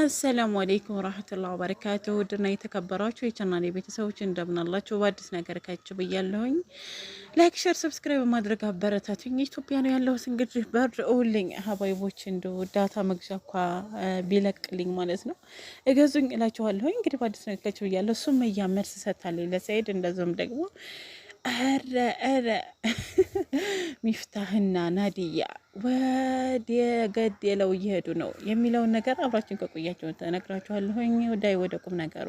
አሰላሙ አሌይኩም ወራህመቱላሂ ወበረካቱሁ ውድና የተከበራችሁ የቻናል ቤተሰቦች እንደምናላችሁ፣ በአዲስ ነገር ከች ብያለሁኝ። ላይክ፣ ሸር፣ ሰብስክራይብ ማድረግ አበረታቱኝ። ኢትዮጵያ ነው ያለሁት። እንግዲህ በርኦልኝ ሀባይቦች እንደ ዳታ መግዣ እኳ ቢለቅልኝ ማለት ነው እገዙኝ እላችኋለሁኝ። እንግዲህ በአዲስ ነገር ከች ብያለሁ። እሱም እያመድ ስሰታለኝ ለሰይድ እንደዚሁም ደግሞ ረ ሚፍታህና ናዲያ ወደ ገደለው እየሄዱ ነው የሚለውን ነገር አብራችን ከቆያቸው ተነግራችኋለሁኝ። ወዳይ ወደ ቁም ነገሩ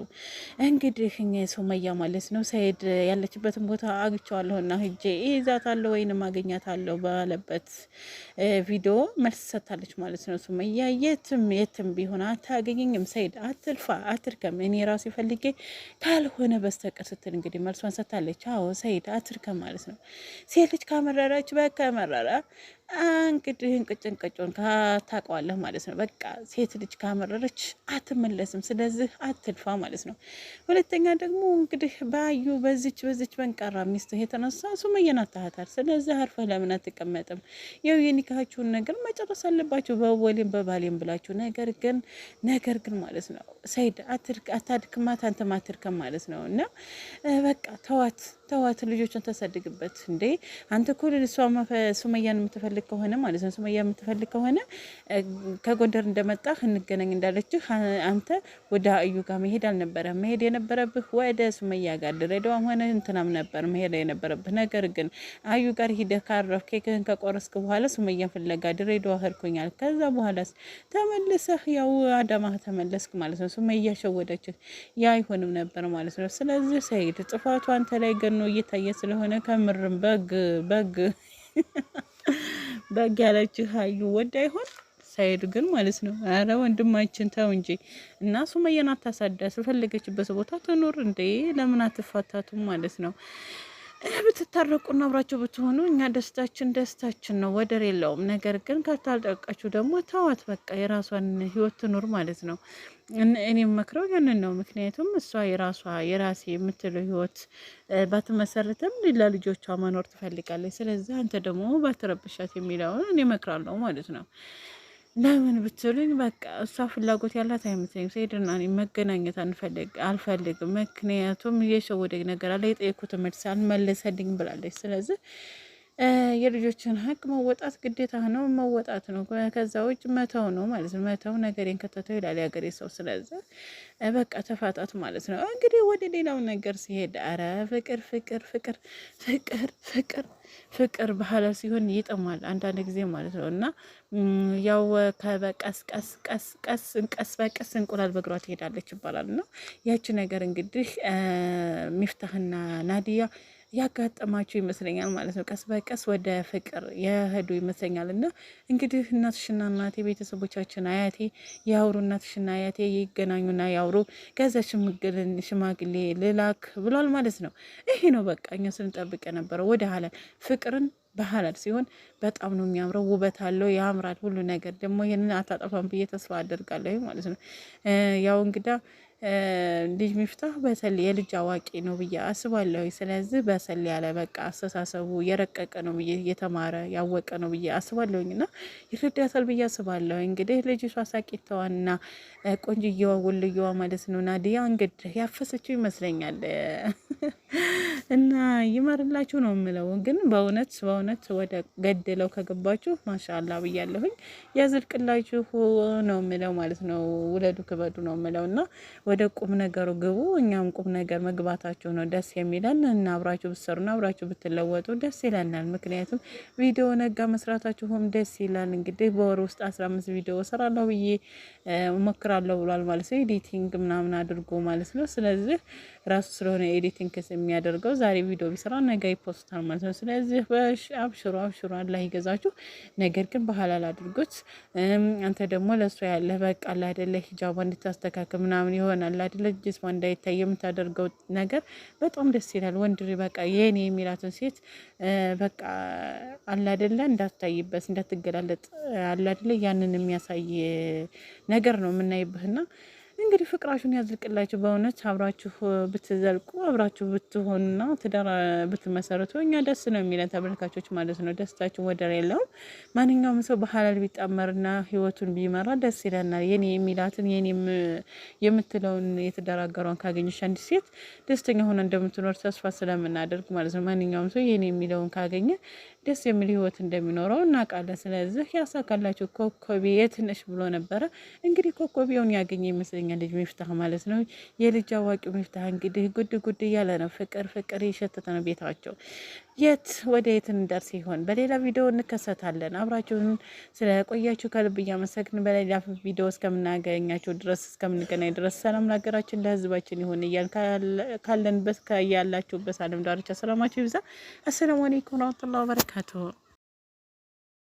እንግዲህ ሶመያ ማለት ነው ሰኢድ ያለችበትን ቦታ አግቸዋለሁና ሂጄ ይዛታለሁ ወይንም አገኛታለሁ ባለበት ቪዲዮ መልስ ሰጥታለች ማለት ነው። ሱመያ የትም የትም ቢሆን አታገኝኝም፣ ሰኢድ አትልፋ፣ አትርከም፣ እኔ ራሴ ፈልጌ ካልሆነ በስተቀር ስትል እንግዲህ መልሷን ሰጥታለች። አዎ ሰኢድ አትርከም ማለት ነው። ሴት ልጅ ካመረረች በከመረረ እንግዲህ እንቅጭንቅጩን ታውቀዋለህ ማለት ነው። በቃ ሴት ልጅ ካመረረች አትመለስም። ስለዚህ አትልፋ ማለት ነው። ሁለተኛ ደግሞ እንግዲህ ባዩ በዚች በዚች በንቀራ ሚስት የተነሳ ሱመያን አታሃታል። ስለዚህ አርፈህ ለምን አትቀመጥም? ያው የኒካችሁን ነገር መጨረስ አለባችሁ በወሌም በባሌም ብላችሁ። ነገር ግን ነገር ግን ማለት ነው ሰይድ አታድክማት አንተም አትድከም ማለት ነው። እና በቃ ተዋት ተዋት፣ ልጆችን ተሰድግበት እንዴ አንተ እኮ ሱመያን የምትፈልግ ከሆነ ማለት ነው ሱመያ የምትፈልግ ከሆነ ከጎንደር እንደመጣ እንገናኝ እንዳለችህ አንተ ወደ አዩ ጋር መሄድ አልነበረ መሄድ የነበረብህ ወደ ሱመያ ጋር ድሬዳዋም ሆነ እንትናም ነበር መሄድ የነበረብህ። ነገር ግን አዩ ጋር ሂደህ ካረፍ ኬክህን ከቆረስክ በኋላ ሱመያ ፍለጋ ድሬዳዋ ሄድኩኛል። ከዛ በኋላስ ተመልሰህ ያው አዳማ ተመለስክ ማለት ነው። ሱመያ ሸወደችህ። ያ አይሆንም ነበር ማለት ነው። ስለዚህ ሰይድ ጥፋቱ አንተ ላይ ገ ነገር ነው እየታየ ስለሆነ ከምርም በግ በግ በግ ያለችው ሀዩ ወድ አይሆን ሳይድ ግን ማለት ነው። አረ ወንድማችን ተው እንጂ እና ሱመያን አታሳዳ። ስለፈለገችበት ቦታ ትኑር እንዴ! ለምን አትፋታቱም ማለት ነው። ብትታረቁና አብራችሁ ብትሆኑ እኛ ደስታችን ደስታችን ነው፣ ወደር የለውም። ነገር ግን ካልታረቃችሁ ደግሞ ተዋት፣ በቃ የራሷን ህይወት ትኑር ማለት ነው። እኔ መክረው ያንን ነው። ምክንያቱም እሷ የራሷ የራሴ የምትለው ህይወት ባትመሰረትም ሌላ ልጆቿ መኖር ትፈልጋለች። ስለዚህ አንተ ደግሞ ባትረብሻት የሚለውን እኔ መክራለሁ ማለት ነው። ለምን ብትሉኝ በቃ እሷ ፍላጎት ያላት አይመስለኝም። ሰኢድና እኔ መገናኘት አልፈልግም። ምክንያቱም የሸወደኝ ነገር አለ፣ የጠየኩት መልስ አልመለሰልኝ ብላለች። ስለዚህ የልጆችን ሀቅ መወጣት ግዴታ ነው፣ መወጣት ነው። ከዛ ውጭ መተው ነው ማለት ነው። መተው ነገሬን ከተተው ይላል የሀገሬ ሰው። ስለዚህ በቃ ተፋታት ማለት ነው። እንግዲህ ወደ ሌላው ነገር ሲሄድ አረ ፍቅር ፍቅር ፍቅር ፍቅር ፍቅር ፍቅር ባህላ ሲሆን ይጥማል አንዳንድ ጊዜ ማለት ነው። እና ያው ከበቀስ ቀስ ቀስ ቀስ በቀስ እንቁላል በግሯ ትሄዳለች ይባላል። እና ያቺ ነገር እንግዲህ ሚፍታህና ናዲያ ያጋጠማቸው ይመስለኛል ማለት ነው። ቀስ በቀስ ወደ ፍቅር የሄዱ ይመስለኛል እና እንግዲህ እናትሽና እናቴ ቤተሰቦቻችን አያቴ ያውሩ፣ እናትሽና አያቴ ይገናኙና ያውሩ፣ ከዛ ሽምግልን ሽማግሌ ልላክ ብሏል ማለት ነው። ይሄ ነው በቃ እኛ ስንጠብቅ የነበረው ወደ ሀላል ፍቅርን ባህላል ሲሆን በጣም ነው የሚያምረው። ውበት አለው፣ ያምራል ሁሉ ነገር ደግሞ ይህንን አታጠፋም ብዬ ተስፋ አደርጋለሁ ማለት ነው ያው እንግዳ ልጅ ሚፍታህ በተለይ የልጅ አዋቂ ነው ብዬ አስባለሁ። ስለዚህ በሰል ያለ በቃ አስተሳሰቡ የረቀቀ ነው ብዬ የተማረ ያወቀ ነው ብዬ አስባለሁኝ እና ይረዳታል ብዬ አስባለሁ። እንግዲህ ሷሳቂተዋ ና ቆንጅየዋ ወልየዋ ማለት ነው ናዲያ እንግዲህ ያፈሰችው ይመስለኛል እና ይመርላችሁ ነው የምለው። ግን በእውነት በእውነት ወደ ገድለው ከገባችሁ ማሻላ ብያለሁኝ። ያዝልቅላችሁ ነው የምለው ማለት ነው። ውለዱ ክበዱ ነው የምለው እና ወደ ቁም ነገሩ ግቡ። እኛም ቁም ነገር መግባታችሁ ነው ደስ የሚለን እና አብራችሁ ብትሰሩና አብራችሁ ብትለወጡ ደስ ይለናል። ምክንያቱም ቪዲዮ ነጋ መስራታችሁም ደስ ይላል። እንግዲህ በወር ውስጥ አስራ አምስት ቪዲዮ ሰራለሁ ብዬ እሞክራለሁ ብሏል ማለት ነው። ኤዲቲንግ ምናምን አድርጎ ማለት ነው። ስለዚህ ራሱ ስለሆነ ኤዲቲንግ ክስ የሚያደርገው ዛሬ ቪዲዮ ቢሰራ ነገ ይፖስታል ማለት ነው። ስለዚህ አብሽሩ አብሽሩ፣ አላህ ይገዛችሁ። ነገር ግን በሀላል አድርጉት። አንተ ደግሞ ለእሱ ያለ በቃ አለ አይደለ ሂጃቧ እንድታስተካክል ምናምን የሆነ ይሆናል አይደለ? ጅስማ እንዳይታይ የምታደርገው ነገር በጣም ደስ ይላል። ወንድ በቃ የኔ የሚላትን ሴት በቃ አላደለ እንዳታይበት እንዳትታይበት እንዳትገላለጥ አላደለ ያንን የሚያሳይ ነገር ነው የምናይብህና እንግዲህ ፍቅራችሁን ያዝልቅላችሁ። በእውነት አብራችሁ ብትዘልቁ አብራችሁ ብትሆኑና ትዳር ብትመሰረቱ እኛ ደስ ነው የሚለን ተመልካቾች ማለት ነው። ደስታችሁ ወደር የለውም። ማንኛውም ሰው በሀላል ቢጣመርና ህይወቱን ቢመራ ደስ ይለናል። የኔ የሚላትን የኔ የምትለውን የተደራገሯን ካገኘሽ ካገኘች አንድ ሴት ደስተኛ ሆነ እንደምትኖር ተስፋ ስለምናደርግ ማለት ነው። ማንኛውም ሰው የኔ የሚለውን ካገኘ ደስ የሚል ህይወት እንደሚኖረው እናውቃለን። ስለዚህ ያሳካላችሁ። ኮኮቤ የትነሽ ብሎ ነበረ እንግዲህ ኮኮቤውን ያገኘ ይመስለኛል። ልጅ ሚፍታህ ማለት ነው። የልጅ አዋቂው ሚፍታህ እንግዲህ ጉድ ጉድ እያለ ነው። ፍቅር ፍቅር የሸተተ ነው ቤታቸው። የት ወደ የት እንደርስ ይሆን? በሌላ ቪዲዮ እንከሰታለን። አብራችሁን ስለቆያችሁ ከልብ እያመሰግን፣ በሌላ ቪዲዮ እስከምናገኛችሁ ድረስ እስከምንገናኝ ድረስ ሰላም ለሀገራችን ለህዝባችን ይሁን እያል ካለንበት ከያላችሁበት አለም ዳርቻ ሰላማችሁ ይብዛ። አሰላሙ አለይኩም ወረህመቱላሂ ወበረካቱሁ።